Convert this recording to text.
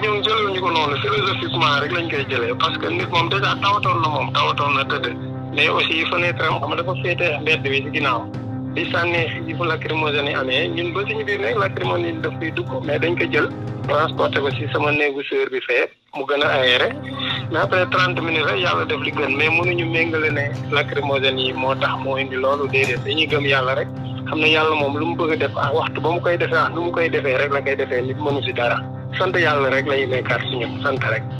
ñoom jëluñu ko noonu philosophiquement rek lañ koy jëlee parce que nit moom dèjà tawatoon na moom tawatoon na tëdd mais aussi fenêtre am xam dafa féete mbedd bi si ginnaaw di sànnee si fu lacrymogène yi amee ñun ba suñu biir nekk lacrymogène yi daf mais dañ ko jël transporté ko si sama néegu sœur bi fee mu gën a aéré mais après trente minutes rek yàlla def li gën mais mënuñu méngale ne lacrymogène yi moo tax moo indi loolu déedéet dañuy gëm yàlla rek xam ne yàlla moom lu mu bëgg a def ah waxtu ba mu koy defee ah nu mu koy defee rek la koy defee nit moom si dara sant yàlla rek la ñuy nekkaat si ñun sant rek.